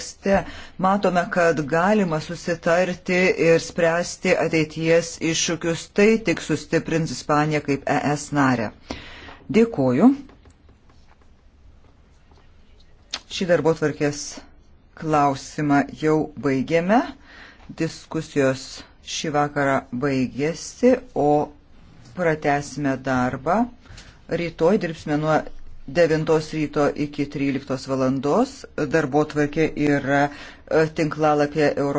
kontekste matome, kad galima susitarti ir spręsti ateities iššūkius, tai tik sustiprins Ispaniją kaip ES narę. Dėkuoju. Šį darbo tvarkės klausimą jau baigėme. Diskusijos šį vakarą baigėsi, o pratesime darbą. Rytoj dirbsime nuo 9 ryto iki 13 valandos. Darbo tvarkė yra e, tinklalapė Europos.